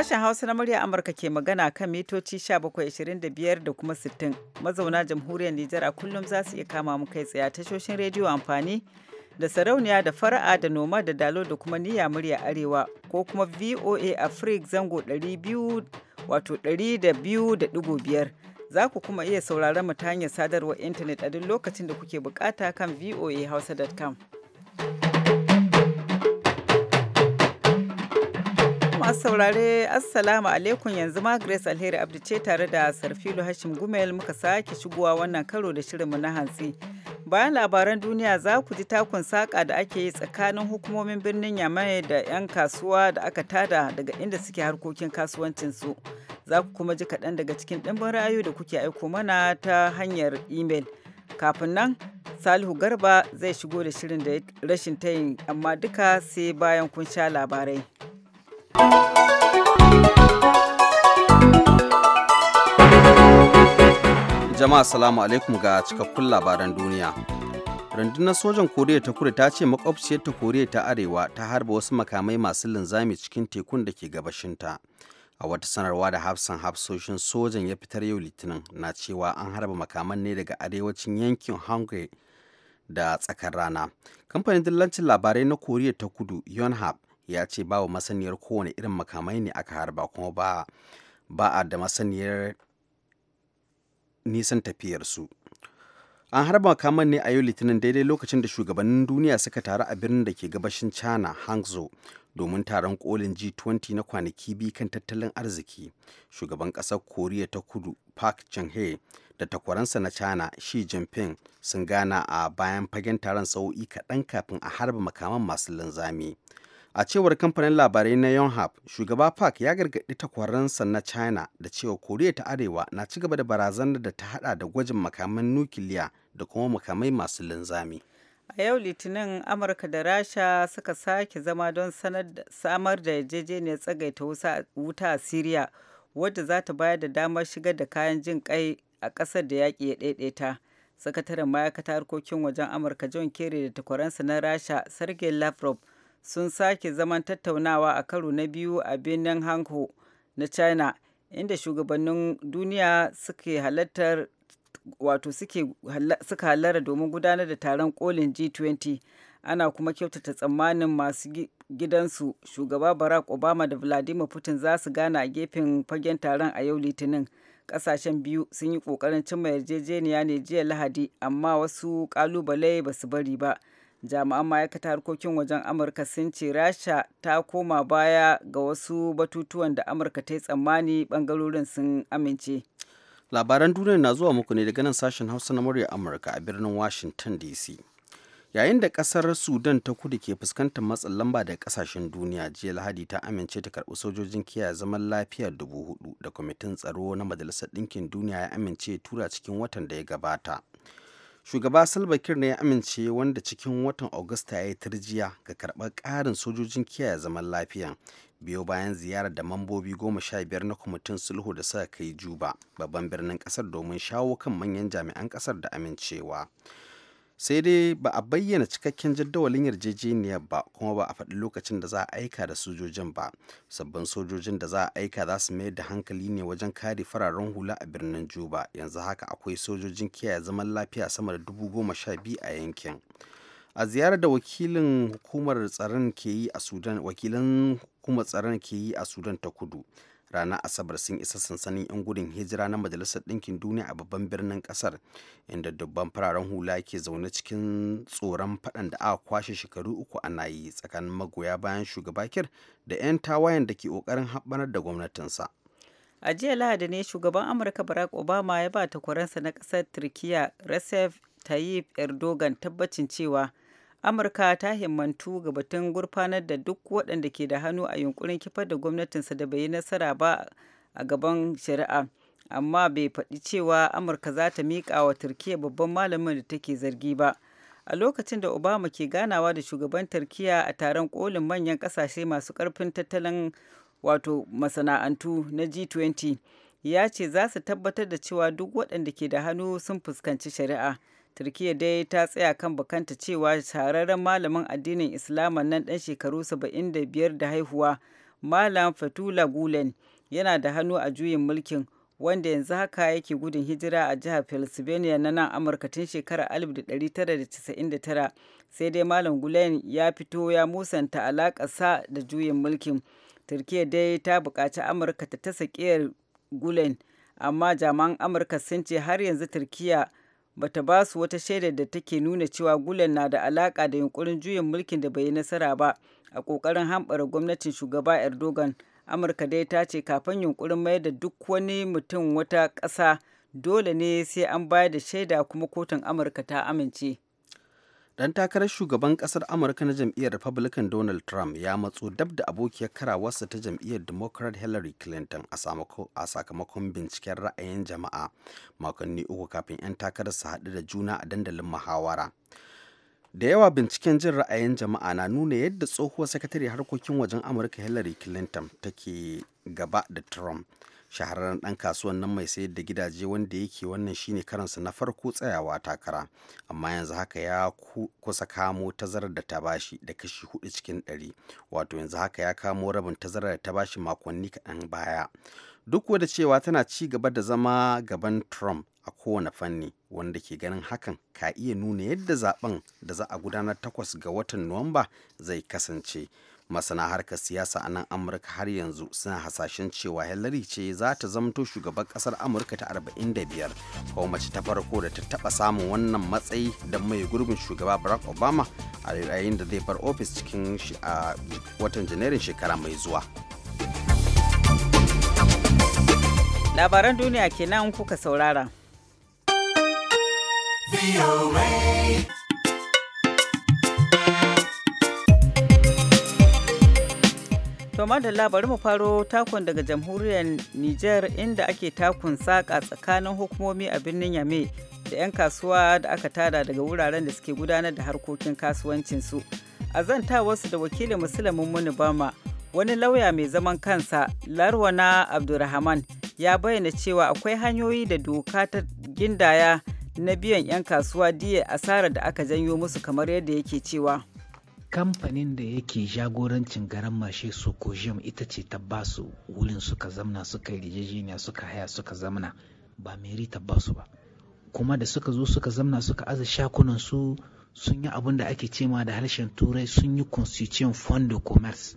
Sashen Hausa na murya Amurka ke magana kan mitoci 1725 da kuma 60. Mazauna jamhuriyar Nijar a kullum za su iya kama mu kai tsaye tashoshin rediyo amfani da sarauniya da fara'a da noma da dalo da kuma niyya murya arewa ko kuma VOA Africa zango 200 wato 200.5 za ku kuma iya sauraron mu ta hanyar sadarwar intanet a duk lokacin da kuke bukata kan voahausa.com. masu saurare assalamu alaikum yanzu ma grace alheri abdu ce tare da sarfilo hashim gumel muka sake shigowa wannan karo da shirinmu na hantsi bayan labaran duniya za ku ji takun saƙa da ake yi tsakanin hukumomin birnin yamai da 'yan kasuwa da aka tada daga inda suke harkokin kasuwancinsu za ku kuma ji kaɗan daga cikin ɗimbin ra'ayoyi da kuke aiko mana ta hanyar imel kafin nan salihu garba zai shigo da shirin da rashin tayin amma duka sai bayan kun sha labarai jama'a salamu alaikum ga cikakkun labaran duniya rundunar sojan koriya ta kudu ta ce ta koriya ta arewa ta harba wasu makamai masu linzami cikin tekun da ke gabashinta a wata sanarwa da hafsan hafsoshin sojan ya fitar yau litinin na cewa an harba makaman ne daga arewacin yankin hungary da tsakar rana kamfanin dillancin labarai na koriya ta kudu yonhap ya ce babu masaniyar kowane irin makamai ne aka harba kuma ba a da masaniyar nisan tafiyar su. an harba makaman ne a yau litinin daidai lokacin da shugabannin duniya suka taru a birnin da ke gabashin china hangzhou domin taron kolin G20 na kwanaki biyu kan tattalin arziki shugaban kasar koriya ta kudu park chung da takwaransa na china xi jinping sun gana a bayan fagen taron sa'o'i kaɗan kafin a harba makaman masu linzami a cewar kamfanin labarai na yonhap shugaba park ya gargaɗi takwaransa na china da cewa koriya ta arewa na ci gaba da barazanar da ta hada da gwajin makaman nukiliya da kuma makamai masu linzami a yau litinin amurka da rasha suka sake zama don samar da yarjejeniyar tsagaita wuta a syria wadda za ta bayar da damar shigar da kayan jin kai a ƙasar da yaƙi ya ɗaiɗaita sakataren ma'aikata harkokin wajen amurka john kerry da takwaransa na rasha sergei lavrov sun sake zaman tattaunawa a karo na biyu a birnin hanko na China inda shugabannin duniya suke halartar wato suka halara domin gudanar da taron kolin G20 ana kuma kyautata tsammanin masu gidansu shugaba Barack Obama da Vladimir Putin za su gana a gefen fagen taron a yau Litinin. kasashen biyu sun yi kokarin cimma yarjejeniya ne jiya lahadi amma wasu kalubale ba su bari ba jami'an ma'aikata harkokin wajen amurka sun ce rasha ta koma baya ga wasu batutuwan da amurka ta yi tsammani bangarorin sun amince labaran duniya na zuwa muku ne daga nan sashen hausa na murya amurka a birnin washington dc yayin da kasar sudan ta kudu ke fuskantar matsin lamba daga kasashen duniya jiya lahadi ta amince ta karbi sojojin kiyaye zaman lafiya dubu hudu da kwamitin tsaro na majalisar ɗinkin duniya ya amince tura cikin watan da ya gabata shugaba salva kiir ne ya amince wanda cikin watan augusta ya yi turjiya ga karɓar ƙarin sojojin kiyaye zaman lafiya biyo bayan ziyarar da mambobi goma sha biyar na kwamitin sulhu da suka kai juba babban birnin ƙasar domin shawo kan manyan jami'an ƙasar da amincewa sai dai ba a bayyana cikakken jadawalin yarjejeniyar ba kuma ba a faɗi lokacin da za a aika da sojojin ba sabbin sojojin da za a aika za su mayar da hankali ne wajen kare fararen hula a birnin juba yanzu haka akwai sojojin kiyaye zaman lafiya sama da dubu goma sha biyu a yankin a ziyarar da wakilin hukumar tsaron ke yi a sudan wakilan hukumar tsaron ke yi a sudan ta kudu ranar asabar sun isa sansanin 'yan gudun hijira na majalisar ɗinkin duniya a babban birnin ƙasar inda dubban fararen hula ke zaune cikin tsoron faɗan da aka kwashe shekaru uku ana yi tsakanin magoya bayan shugaba kir da 'yan tawayen da ke ƙoƙarin haɓanar da gwamnatinsa a jiya lahadi ne shugaban amurka barack obama ya ba takwaransa na ƙasar turkiya recep tayyip erdogan tabbacin cewa amurka ta himmantu ga batun gurfanar da duk waɗanda ke da hannu a yunkurin kifar da gwamnatinsa da bai yi nasara ba a gaban shari'a amma bai faɗi cewa amurka za ta miƙa wa Turkiyya babban malamin da take zargi ba a lokacin da obama ke ganawa da shugaban Turkiyya a taron kolin manyan ƙasashe masu ƙarfin tattalin wato masana'antu na g20 ya ce za su tabbatar da cewa duk waɗanda ke da hannu sun fuskanci shari'a turkiya dai ta tsaya kan bukanta cewa shahararren malamin addinin islama nan ɗan shekaru 75 da haihuwa malam fatula gulen yana da hannu a juyin mulkin wanda yanzu haka yake gudun hijira a jihar pennsylvania na nan amurka tun shekarar 1999 sai dai malam gulen ya fito ya musanta sa da juyin mulkin turkiya dai ta buƙaci amurka ta tasa gulen amma jami'an amurka sun ce har yanzu turkiya bata ba su wata shaidar da take nuna cewa gulen na da alaka da yunkurin juyin mulkin da bai yi nasara ba a kokarin hambara gwamnatin shugaba erdogan amurka dai ta ce kafin yunkurin mayar da duk wani mutum wata ƙasa dole ne sai an bayar da shaida kuma kotun amurka ta amince dan takarar shugaban kasar amurka na jam'iyyar republican donald trump ya matso dab da abokiyar karawarsa ta jam'iyyar democrat hillary clinton a sakamakon binciken ra'ayin jama'a makonni uku kafin 'yan takarar su haɗu da juna a dandalin muhawara da yawa binciken jin ra'ayin jama'a na nuna yadda tsohuwar sakatare harkokin wajen amurka hillary clinton take gaba da trump shahararren ɗan kasuwan nan mai sayar da gidaje wanda yake wannan shine karansa na farko tsayawa takara amma yanzu haka ya kusa kamo tazarar da ta bashi da kashi hudu cikin ɗari wato yanzu haka ya kamo rabin tazarar da ta bashi makonni kaɗan baya duk da cewa tana ci gaba da zama gaban trump a kowane fanni wanda ke ganin hakan ka iya nuna yadda zaben da za a gudanar takwas ga watan nuwamba zai kasance masana harkar siyasa a nan amurka har yanzu suna hasashen cewa hillary ce za ta zamto shugaban kasar amurka ta 45 kuma mace ta farko da ta taba samun wannan matsayi da mai gurbin shugaba barack obama a yayin da zai bar ofis cikin watan janairun shekara mai zuwa labaran duniya kenan kuka saurara To madalla bari mu faro takon daga jamhuriyar Nijar inda ake takun saƙa tsakanin hukumomi a birnin Yame da 'yan kasuwa da aka tada daga wuraren da suke gudanar da harkokin kasuwancinsu. A wasu da wakilin Musulmin Muni Bama, wani lauya mai zaman kansa, Larwana Abdulrahman, ya bayyana cewa akwai hanyoyi da doka ta gindaya na biyan 'yan kasuwa diya asarar da aka janyo musu kamar yadda yake cewa. Kamfanin da yake jagorancin garan mashe Sokojim ita ce ta su wurin suka zamna suka yarjejeniya suka haya suka zamna ba meri ta su ba. Kuma da suka zo suka zamna suka aza shakunan su sun yi abin da ake cema da harshen turai sun yi constituent fond de commerce.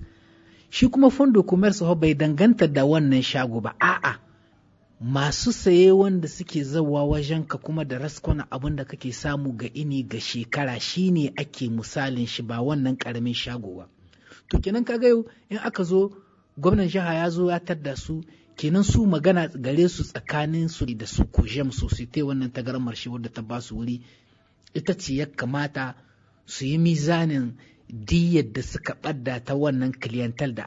Shi kuma fond de commerce bai danganta da wannan shago ba a'a masu saye wanda suke zawa ka kuma da raskwana abin da kake samu ga ini ga shekara shine ake misalin shi ba wannan karamin shago ba to kenan kaga yau in aka zo gwamnan jiha ya zo ya tadda su kenan su magana gare su tsakanin su da su kojem sosai wannan tagarmar shi wadda ta ba su wuri ita ce ya kamata su yi mizanin diyar da suka ɓadda ta wannan clientele da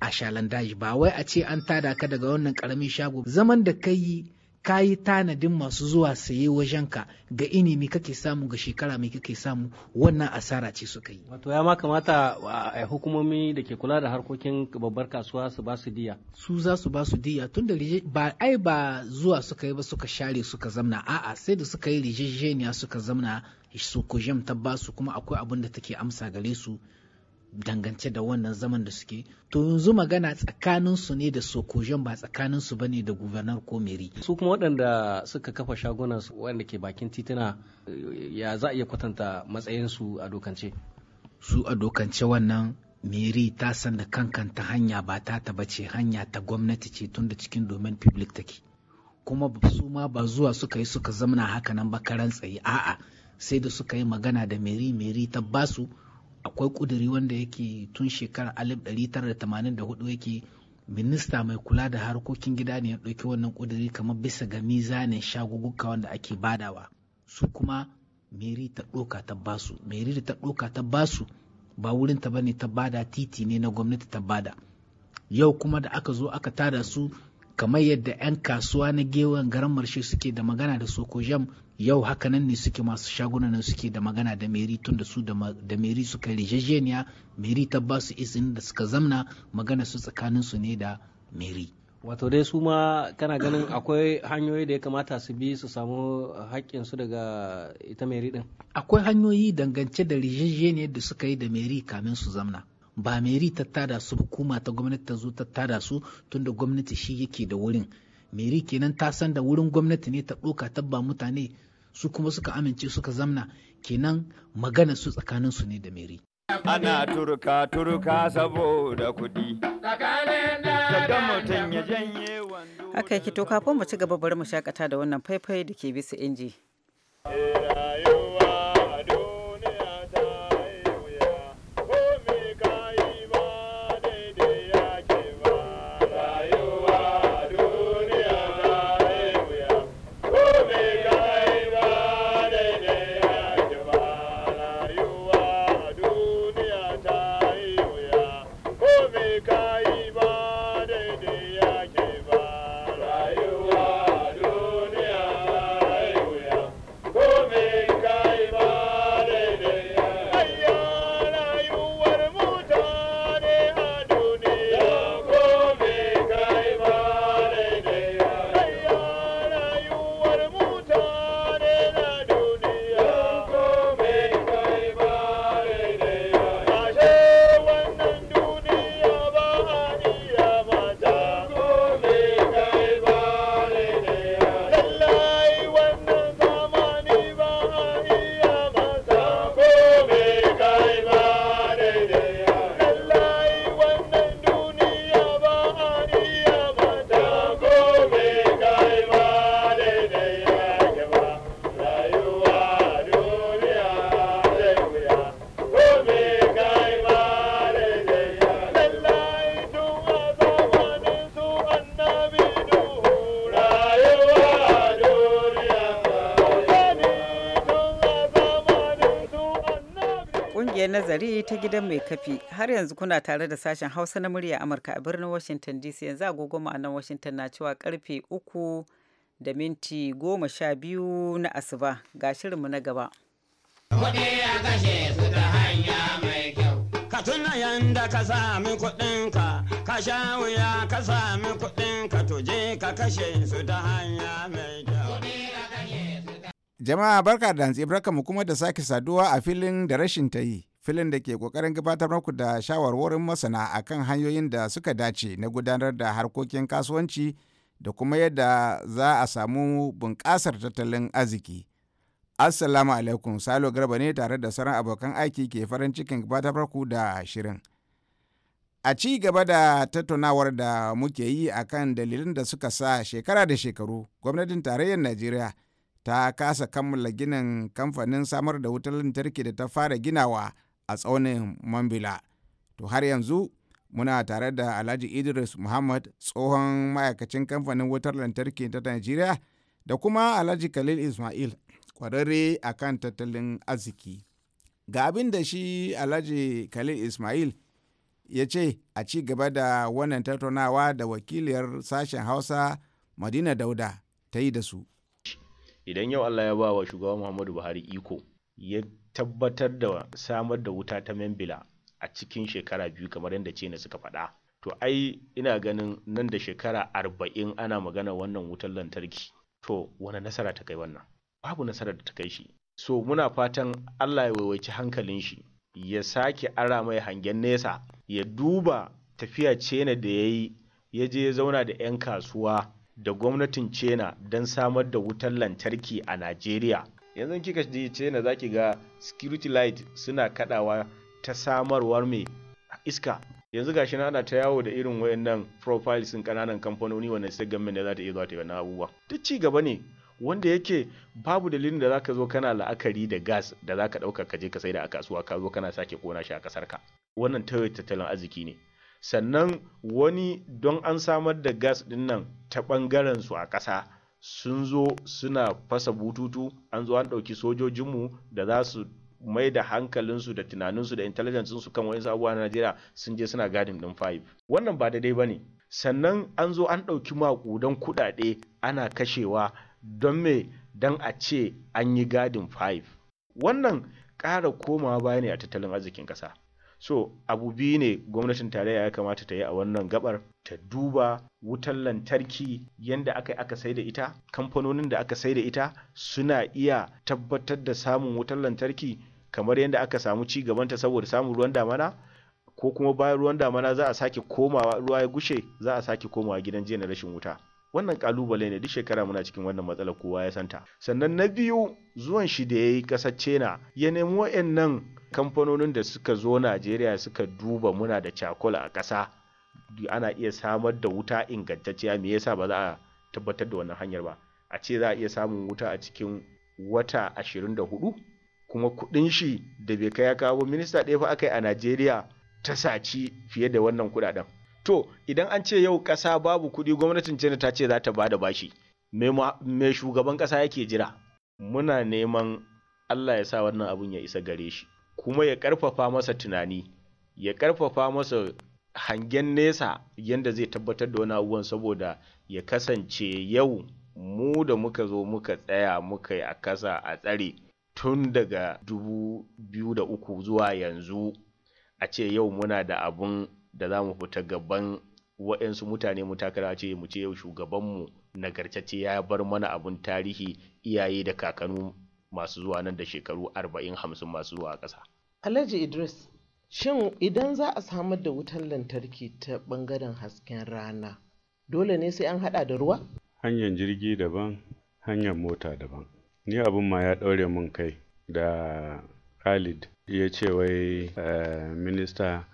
a shalan daji ba wai a ce an tada ka daga wannan ƙaramin shago zaman da ka ka yi tanadin masu zuwa saye Wajen Ka" ga inimi kake samu ga shekara mai kake samu wannan asara ce suka yi wato ya ma kamata a hukumomi da ke kula da harkokin babbar kasuwa su ba su diya su za su ba su diya tun da ba ai ba zuwa suka yi ba suka share suka zamna a'a sai da suka yi rijejeniya suka zamna su jam ta ba su, kuma akwai abin da take amsa gare su dangance da wannan zaman da suke to yanzu magana tsakanin su ne da sokojen ba tsakanin su bane da gubernar ko meri su kuma waɗanda suka kafa shaguna waɗanda ke bakin tituna ya za a iya kwatanta matsayin su a dokance su a dokance wannan meri ta san da kankanta hanya ba ta ta bace hanya ta gwamnati ce tunda cikin domin public take kuma su ma ba zuwa suka yi suka zamana haka nan ba karan a'a sai da suka yi magana da meri meri ta basu akwai ƙuduri wanda yake tun shekarar 1984 yake minista mai kula da harkokin gida ne ya ɗauki wannan ƙuduri kamar bisa ga mizanin shagugguka wanda ake badawa su kuma meri ta ɗoka ta basu meri da ta ɗoka ta basu ba wurin ta bane ta bada titi ne na gwamnati ta bada yau kuma da aka zo aka tada su kamar yadda 'yan kasuwa na gewan garin marshe suke da magana da sokojam yau hakanan ne suke masu shagunan nan suke da magana da meri tun da su da meri suka rijejeniya meri ta ba su izinin da suka zamna magana su tsakanin su ne da meri wato dai su ma kana ganin akwai hanyoyi da ya kamata su bi su samu haƙƙinsu daga ita meri din akwai hanyoyi dangance da rijejeniya da suka yi da meri kamin su zamna ba meri ta tada su hukuma ta gwamnati ta zo ta tada su da gwamnati shi yake da wurin meri kenan ta san da wurin gwamnati ne ta ɗoka ta ba mutane su kuma suka amince suka zamna kenan magana su tsakanin su ne da meri ana turka turka saboda kuɗi haka ki to kafin mu ci gaba bari mu shakata da wannan faifai da ke bisa inji gidan mai kafi har yanzu kuna tare da sashen hausa na murya amurka a birnin washington dc yanzu agogo ma'anar washington na cewa karfe uku da minti goma sha biyu na asuba ga shirinmu na gaba Ka tuna yanda ka sami kuɗinka, ka sha wuya ka sami kuɗinka tuje ka kashe su ta hanya mai kyau. Jama'a barka da hantsi mu kuma da sake saduwa a filin da rashin ta yi. filin da ke kokarin gabatar muku da shawarwarin masana akan hanyoyin da suka dace na gudanar da harkokin kasuwanci da kuma yadda za a samu bunƙasar tattalin arziki. Assalamu alaikum Salo Garba ne tare da sauran abokan aiki ke farin cikin gabatar ku da shirin. A ci gaba da tattaunawar da muke yi a kan dalilin da suka sa shekara da shekaru gwamnatin tarayyar Najeriya ta kasa kammala ginin kamfanin samar da wutar lantarki da ta fara ginawa a tsaunin mambila to har yanzu muna tare da alhaji idris muhammad tsohon ma'aikacin kamfanin wutar lantarki ta najeriya da kuma alhaji khalil ismail kwararre a kan tattalin arziki ga abin da shi alhaji khalil ismail ya ce a ci gaba da wannan tattaunawa da wakiliyar sashen hausa madina dauda ta yi da su idan yau allah ya ba wa shugaba muhammadu buhari iko ya tabbatar da samar da wuta ta membila a cikin shekara biyu kamar yadda ce suka faɗa to ai ina ganin nan da shekara arba'in ana magana wannan wutar lantarki to wani nasara ta kai wannan babu nasara da ta kai shi so muna fatan allah ya waiwaci hankalin shi ya sake ara mai hangen nesa ya duba tafiya cena da ya yi ya je ya zauna da 'yan kasuwa da gwamnatin cena don samar da wutar lantarki a najeriya yanzu kika je china za ki ga security light suna kadawa ta samarwar mai iska yanzu gashi na ana ta yawo da irin wayannan profiles sun kananan kamfanoni wannan sai gamin da za ta iya zuwa ta ga abubuwa duk ci gaba ne wanda yake babu dalilin da zaka zo kana la'akari da gas da zaka ɗauka ka je ka saida a kasuwa ka zo kana sake kona shi a kasar ka wannan tawaye tattalin arziki ne sannan wani don an samar da gas din ta bangaren su a kasa sun zo suna fasa bututu an zo an ɗauki sojojinmu da za su mai da hankalinsu da tunaninsu da intelligence su kan wani abubuwa na Najeriya sun je suna gadin ɗin 5 wannan ba daidai ba ne sannan an zo an ɗauki maƙudan kuɗaɗe ana kashewa don me don a ce an yi gadin 5 wannan ƙara komawa baya ne a tattalin arzikin ƙasa so abu biyu ne gwamnatin tarayya ya kamata ta yi a wannan gabar ta duba wutar lantarki yadda aka aka sai da ita kamfanonin da aka sai da ita suna iya tabbatar da samun wutar lantarki kamar yadda aka samu ci gaban ta saboda samun ruwan damana ko kuma bayan ruwan damana za a sake komawa ruwa ya gushe za a sake komawa gidan jiya na rashin wuta wannan kalubale ne duk shekara muna cikin wannan matsalar kowa ya santa sannan na biyu zuwan shi da ya yi ƙasar china ya nemi wa'annan kamfanonin da suka zo najeriya suka duba muna da cakula a ƙasa ana iya samar da wuta ingantacciya me yasa ba za a tabbatar da wannan hanyar ba a ce za a iya samun wuta a cikin wata 24 kuma kuɗin shi da bai kai ya kawo minista ɗaya fa aka yi a najeriya ta saci fiye da wannan kuɗaɗen to idan an ce yau ƙasa babu kuɗi gwamnatin china ta ce za ta ba da bashi me shugaban ƙasa yake jira muna neman allah ya sa wannan abun ya isa gare shi kuma ya ƙarfafa masa tunani ya ƙarfafa masa hangen nesa yadda zai tabbatar da wani abubuwan saboda ya kasance yau mu da muka zo muka tsaya muka yi a kasa a tsare tun daga uku zuwa yanzu a ce yau muna da abun da za mu fita gaban waɗansu mutane mu takara ce mu ce yau shugabanmu nagartacce ya bar mana abun tarihi iyaye da kakanu masu zuwa nan da shekaru arba'in hamsin masu zuwa ƙasa. Alhaji Idris, shin idan za a samar da wutar lantarki ta ɓangaren hasken rana, dole ne sai an haɗa da ruwa? Hanyar jirgi daban, hanyar mota daban. Ni abin ma ya ɗaure min kai da Khalid ya ce wai eh, minista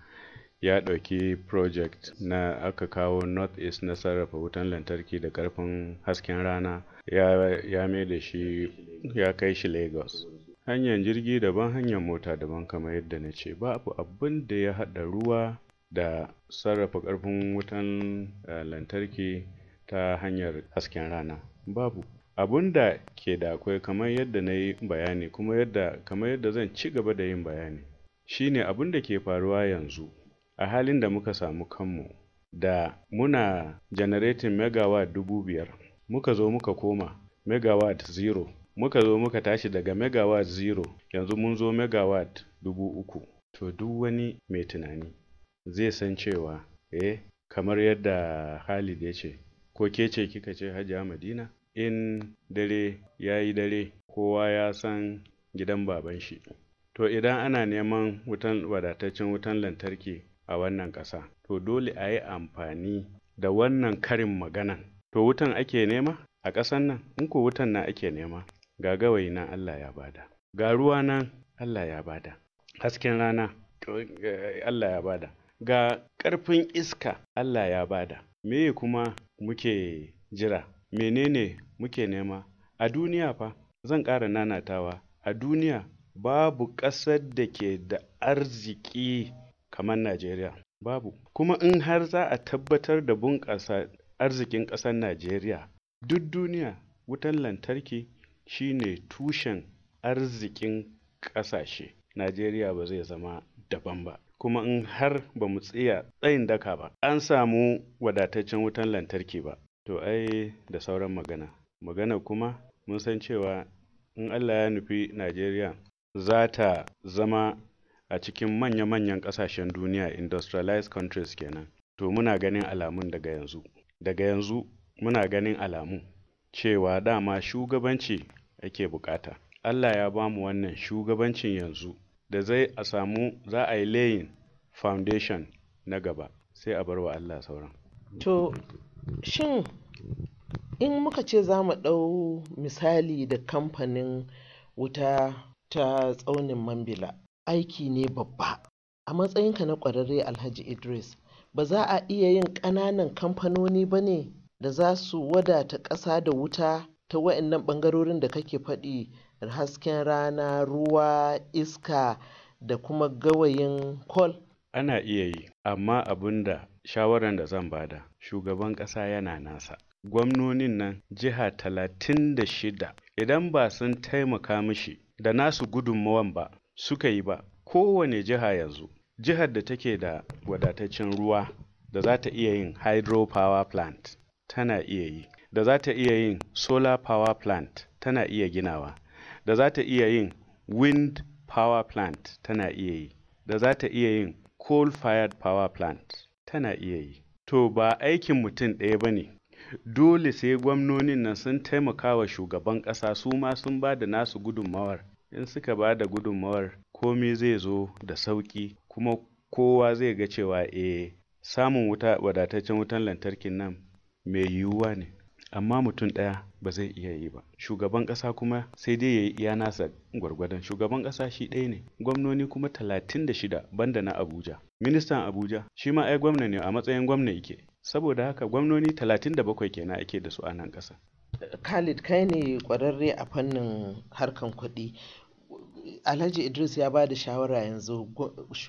ya ɗauki project na aka kawo north east na sarrafa wutan lantarki da ƙarfin hasken rana ya, ya mai da shi ya kai shi lagos hanyar jirgi daban hanyar mota daban kamar yadda na ce babu abin da ya haɗa ruwa da sarrafa karfin wutan eh, lantarki ta hanyar hasken rana babu abun da ke da akwai kamar yadda na yi bayani kuma yadda kamar yadda zan ci gaba da yin bayani shine abun da ke faruwa yanzu a halin da muka samu kanmu da muna janaretin megawa dubu biyar muka zo muka koma megawatt zero muka zo muka tashi daga megawatt zero yanzu mun zo megawatt dubu uku to duk wani mai tunani zai san cewa eh kamar yadda halid ya ce ko ke ce kika ce Hajiya Madina in dare ya yi dare kowa ya san gidan baban shi to idan ana neman wutan wadataccen wutan lantarki a wannan ƙasa to dole a yi amfani da wannan karin maganan to wutan ake nema a ƙasan nan in ko wutan na ake nema ga gawayi nan Allah ya bada ga ruwa nan Allah ya bada hasken rana Allah ya bada ga ƙarfin iska Allah ya bada Me kuma muke jira menene muke nema a duniya fa zan ƙara nanatawa a duniya babu ƙasar da ke da arziki kamar Najeriya babu kuma in har za a tabbatar da bunƙasa arzikin ƙasar Najeriya. Duk duniya, wutan lantarki shi ne tushen arzikin ƙasashe. Najeriya ba zai zama daban ba. Kuma in har ba mu tsaya tsayin daka ba, an samu wadataccen wutan lantarki ba. To ai da sauran magana. Magana kuma mun san cewa in Allah ya nufi Najeriya za ta zama a cikin manya-manyan ƙasashen duniya industrialized countries kenan. To muna ganin alamun daga yanzu. daga yanzu muna ganin alamu cewa dama shugabanci ake bukata Allah ya ba mu wannan shugabancin yanzu da zai a samu za a yi layin foundation na gaba sai a bar wa Allah sauran to shin in muka ce za mu ɗau misali da kamfanin wuta ta tsaunin mambila aiki ne babba a matsayinka na ƙwararre alhaji idris ba za a iya yin ƙananan kamfanoni ba ne da za su wadata ƙasa da wuta ta wa'innan ɓangarorin da kake faɗi hasken rana ruwa iska da kuma gawayin kol ana iya yi amma abin da shawaran da zan ba da, shugaban ƙasa yana nasa gwamnonin nan jiha talatin da shida idan ba sun taimaka mishi da nasu gudunmawan ba suka yi ba kowane jiha yanzu jihar da take da wadataccen ruwa da za ta iya yin hydropower plant tana iya yi da za ta iya yin solar power plant tana iya ginawa da za ta iya yin wind power plant tana iya yi da za ta iya yin coal fired power plant tana iya yi to ba aikin mutum ɗaya ba ne dole sai gwamnonin nan sun taimaka wa shugaban ƙasa su ma sun ba da nasu gudunmawar in suka ba da gudunmawar komai zai zo da sauƙi kuma kowa zai ga cewa eh samun wuta wadataccen wutan lantarkin nan mai yiwuwa ne amma mutum ɗaya ba zai iya yi ba shugaban ƙasa kuma sai dai ya yi iya nasa gwargwadon shugaban ƙasa shi ɗaya ne gwamnoni kuma talatin da shida banda na abuja ministan abuja shi ma ai gwamna ne a matsayin gwamna yake saboda haka gwamnoni talatin da bakwai kenan ake da su a nan ƙasa khalid kai ne kwararre a fannin harkan kuɗi Alhaji Idris ya ba da shawara yanzu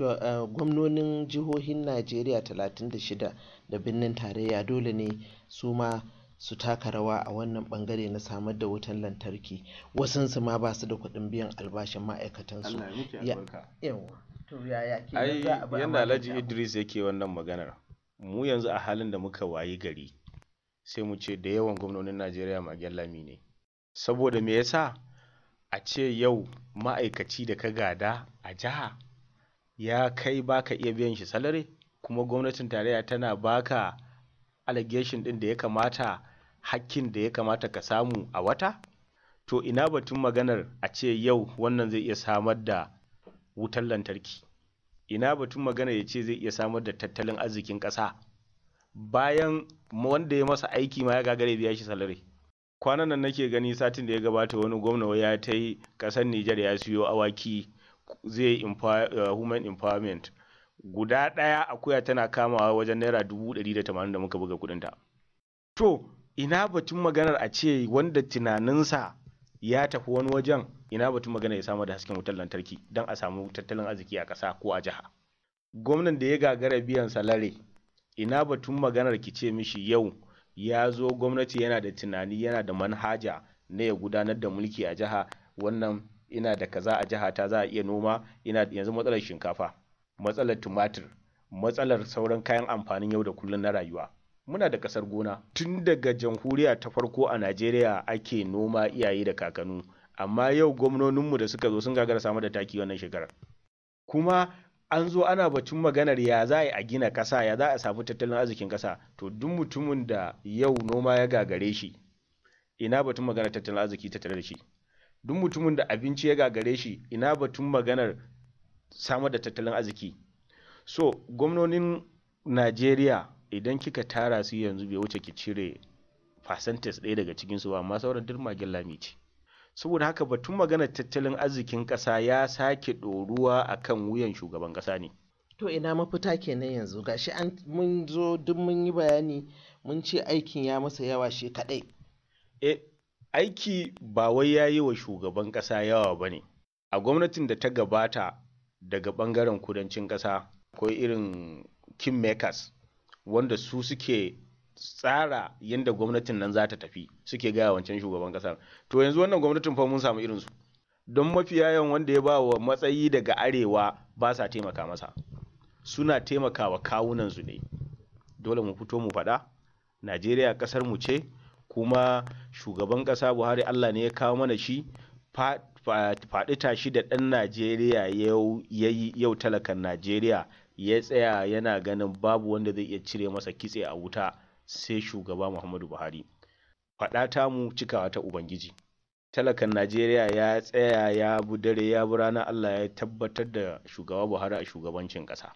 eh, gwamnonin jihohin Najeriya 36 da birnin tarayya dole ne su ma su taka rawa a wannan bangare na samar da wutan lantarki su ma ba su da kuɗin biyan albashin ma'aikatansu su yadda alhaji idris yake wannan maganar mu yanzu a halin da muka wayi gari sai mu ce da yawan gwamnonin najeriya magyan lami ne saboda me yasa a ce yau ma'aikaci da ka gada a jiha ya kai baka iya biyan shi salari kuma gwamnatin tarayya tana baka allegation ɗin da ya kamata hakkin da ya kamata ka samu a wata to ina batun maganar a ce yau wannan zai iya samar da wutar lantarki ina batun maganar ya ce zai iya samar da tattalin arzikin ƙasa bayan wanda ya masa aiki ma ya gagare biya shi salari kwanan nan nake gani satin da ya gabata wani gwamna ya ta yi kasar Nijar ya siyo awaki zai eh, human empowerment guda ɗaya akuya tana kamawa wajen naira dubu ɗari da tamanin da muka buga kuɗinta to ina batun maganar a ce wanda tunaninsa ya tafi wani wajen ina batun magana ya samar da hasken wutar lantarki don a samu tattalin arziki a ƙasa ko a jiha gwamnan da ya gagara biyan salari ina batun maganar ki ce mishi yau ya zo gwamnati yana da tunani yana da manhaja na ya gudanar da mulki a jiha wannan ina da kaza a jiha ta za a iya noma ina yanzu matsalar shinkafa matsalar tumatir matsalar sauran kayan amfanin yau da kullum na rayuwa muna da kasar gona tun daga jamhuriya ta farko a najeriya ake noma iyaye da kakannu, amma yau gwamnoninmu da suka zo sun gagara samar da taki wannan shekarar kuma an zo ana batun maganar ya za a gina ƙasa ya za a samu tattalin arzikin ƙasa to duk mutumin da yau noma ya gagare shi ina batun maganar tattalin arziki ta da shi duk mutumin da abinci ya gagare shi ina batun maganar samar da tattalin arziki so gwamnonin najeriya idan kika tara su yanzu bai wuce ki cire fasantes ɗaya daga cikinsu ba amma sauran duk magin lami ce saboda haka batun maganar tattalin arzikin ƙasa ya sake ɗoruwa a kan wuyan shugaban ƙasa ne to ina mafita kenan yanzu gashi an mun zo duk mun yi bayani mun ce aikin ya masa yawa shi kaɗai e aiki ba wai ya yi wa shugaban ƙasa yawa ba ne a gwamnatin da ta gabata daga ɓangaren kudancin ƙasa akwai irin kingmakers wanda su suke tsara yadda gwamnatin nan za ta tafi suke gaya wancan shugaban kasar to yanzu wannan gwamnatin fa mun samu irinsu don mafiya yawan wanda ya ba wa matsayi daga arewa ba sa taimaka masa suna taimakawa kawunansu ne dole mu fito mu faɗa najeriya kasar mu ce kuma shugaban ƙasa buhari allah ne ya kawo mana shi faɗi tashi da ɗan najeriya yau talakan najeriya ya tsaya yana ganin babu wanda zai iya cire masa kitse a wuta sai shugaba Muhammadu Buhari. Faɗa ta mu cikawa ta Ubangiji. Talakan Najeriya ya tsaya ya budare dare ya bi rana Allah ya tabbatar da shugaba Buhari a shugabancin ƙasa.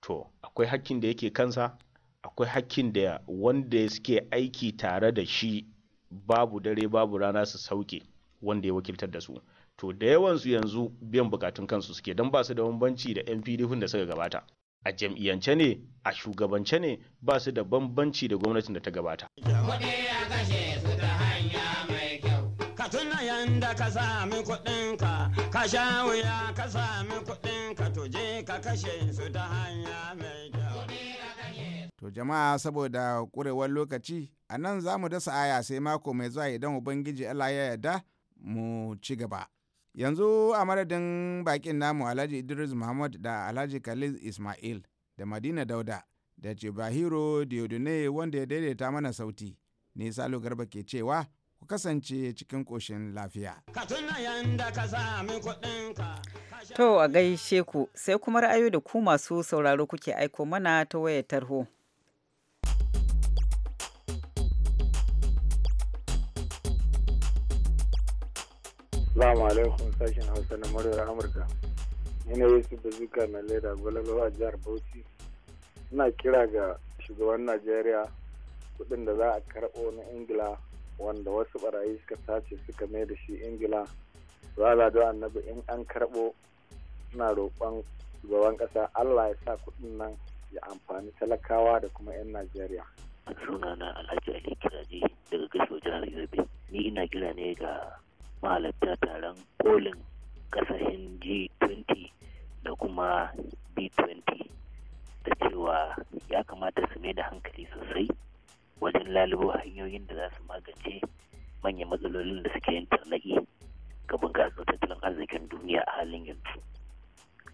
To, akwai hakkin da yake kansa, akwai hakkin da wanda suke aiki tare da shi babu dare babu rana su sauke wanda ya wakiltar da su. To, da yawansu yanzu biyan bukatun kansu suke don ba su da bambanci da 'yan fidifin da suka gabata. a jam'iyyance ne a shugabance ne ba su da bambanci da gwamnatin da ta gabata. yanda ka sami kuɗinka ka ka sami kuɗinka to ka kashe su ta hanya To jama'a saboda ƙurewar lokaci a nan za mu dasa aya sai mako mai zuwa idan Ubangiji Allah ya yarda mu ci gaba. yanzu a madadin bakin namu alhaji idris muhammad da alhaji khalil ismail da madina dauda da jibahiro diodune wanda ya daidaita mana sauti ne salo garba ke cewa ku kasance cikin koshin lafiya to a gaishe ku sai kuma ra'ayo da ku masu sauraro kuke aiko mana ta wayar tarho Salamu alaikum sashen Hausa na muryar Amurka. Ina Yusuf Bazuka na leda gwalalo a jihar Bauchi. Ina kira ga shugaban Najeriya kudin da za a karɓo na Ingila wanda wasu barayi suka sace suka mai da shi Ingila. Rala da annabi in an karɓo suna roƙon shugaban ƙasa Allah ya sa kudin nan ya amfani talakawa da kuma 'yan Najeriya. Sunana Alhaji Ali Kiraji daga Gashuwa jihar Yobe. Ni ina kira ne ga mahalarta taron kolin kasashen g20 da kuma b20 da cewa ya kamata su mai da hankali sosai wajen lalubo hanyoyin da za su magance manyan matsalolin da suke yin tarnaki ga bunƙasa tattalin arzikin duniya a halin yanzu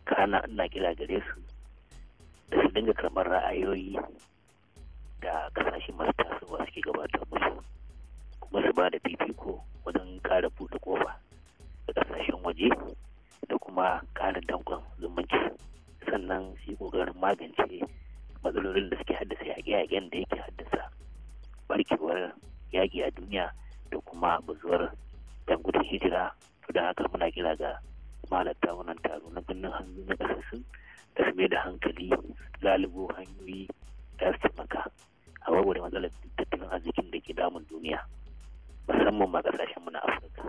kana ina kira gare su da su dinga karɓar ra'ayoyi da kasashe masu tasowa suke gabatar musu masu ba da fifiko wajen kara buɗe kofa da ƙasashen waje da kuma kara dankon zumunci sannan shi ƙoƙarin magance matsalolin da suke haddasa yaƙe-yaƙen da yake haddasa barkewar yaƙi a duniya da kuma buzuwar yan gudun hijira don haka muna kira ga malatta wannan taro na birnin hannu na ƙasashen da su da hankali lalubo hanyoyi da su taimaka a warware matsalar tattalin arzikin da ke damun duniya. musamman ma kasashen na afirka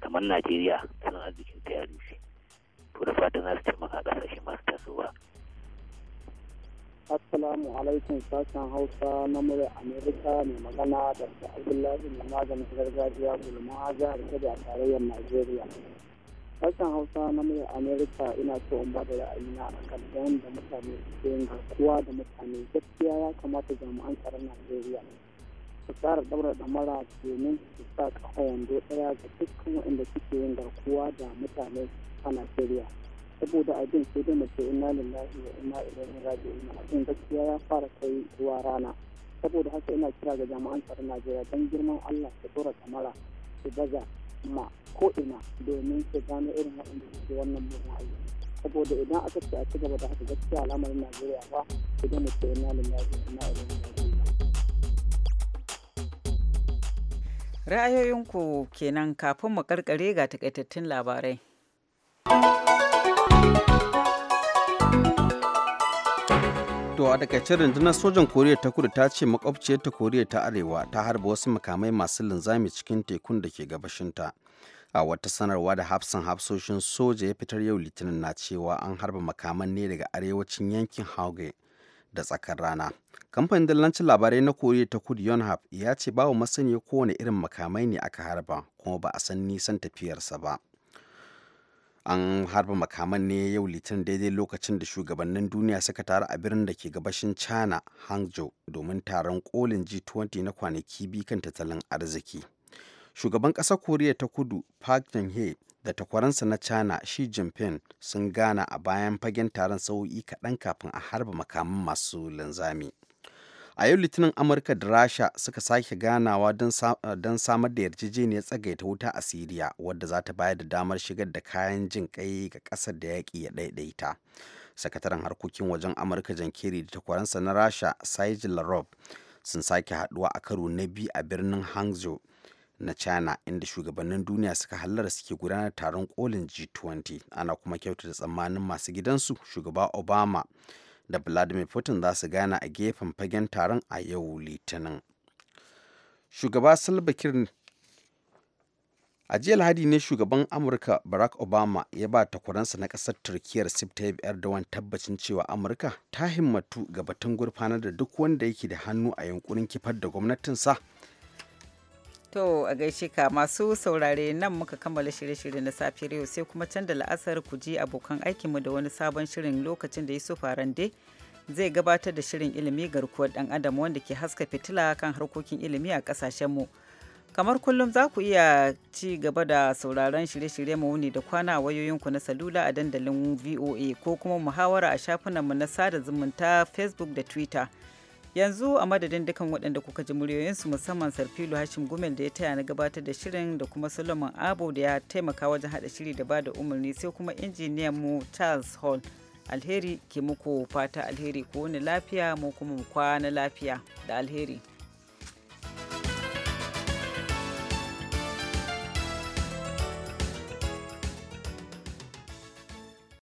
kamar najeriya sun arzikin ta ya rufe to da fatan za su taimaka kasashe masu tasowa assalamu alaikum sashen hausa na murya amerika mai magana da abdullahi mai maganin gargajiya gulma a jihar kebbi a tarayyar najeriya sashen hausa na murya amerika ina so in bada ra'ayina a kan da mutane suke yin garkuwa da mutane gaskiya ya kamata jami'an tsaron najeriya su tsara daura mara domin su sa kafa wando daya ga dukkan waɗanda suke yin garkuwa da mutane a najeriya saboda abin sai dai mace ina lillahi wa ina ilaihi raji'un abin gaskiya ya fara kai zuwa rana saboda haka ina kira ga jami'an tsaron najeriya don girman allah su daura kamara su baza ma ko ina domin su gano irin waɗanda suke wannan murna a saboda idan aka ce a ci gaba da haka gaskiya al'amarin najeriya ba idan mace ina lillahi wa ina ilaihi rabi. Ra'ayoyinku kenan kafin mu karkare ga takaitattun labarai. To a takaice rundunar sojan Koriya ta kudu ta ce makwabciyarta Koriya ta Arewa ta harba wasu makamai masu linzami cikin tekun da ke gabashinta. A wata sanarwa da hafsan hafsoshin soja ya fitar yau litinin na cewa an harba makaman ne daga arewacin yankin Hauge da tsakar rana. Kamfanin dillancin labarai na Koriya ta Kudu Yonhap ya ce bawa masaniya kowane irin makamai ne aka harba kuma ba a san nisan tafiyarsa ba. An harba makaman ne yau litinin daidai lokacin da shugabannin duniya suka taru a birnin da ke gabashin China, Hangzhou, domin taron kolin G20 na kwanaki biyu kan tattalin arziki. Shugaban ƙasar Koriya ta Kudu Park jin hye da takwaransa na china shi jinping sun gana a bayan fagen taron sauyi kaɗan kafin a harba makaman masu linzami a yau litinin amurka da rasha suka sake ganawa don samar da yarjejeniyar tsagaita wuta a siriya wadda za ta bayar da damar shigar da kayan jin kai ga ƙasar da yaƙi ya ɗaiɗaita sakataren harkokin wajen amurka jan kerry da takwaransa na rasha saiji larov sun sake haɗuwa a karo na biyu a birnin hangzhou na china inda shugabannin duniya suka hallara suke gudanar taron kolin g20 ana kuma kyautata tsammanin masu gidansu shugaba obama da vladimir putin za su gana a gefen fagen taron a yau litinin shugaba salbakir a ne shugaban amurka barack obama ya ba takwaransa na kasar turkiyar siftaib biyar erdogan tabbacin cewa amurka ta himmatu ga batun gurfanar da duk wanda yake da hannu a yankurin kifar da gwamnatinsa To a gaishe ka masu saurare nan muka kammala shirye-shirye na safiyar yau sai kuma can da la'asar ku ji abokan aikinmu da wani sabon shirin lokacin da Yusuf farande zai gabatar da shirin ilimi garkuwar dan adam wanda ke haska fitila kan harkokin ilimi a kasashenmu. Kamar kullum za ku iya ci gaba da sauraron shirye-shirye mu wuni da kwana a ku na salula a dandalin VOA ko kuma muhawara a shafinanmu na sada zumunta Facebook da Twitter. yanzu a madadin dukan waɗanda kuka ji muryoyinsu musamman sarfilo hashim gumel da ya taya na gabatar da shirin da kuma solomon abu da ya taimaka wajen haɗa shiri da bada umarni sai kuma injiniyan mu charles hall alheri ke muku fata alheri ko wani lafiya mu kuma mu kwana lafiya da alheri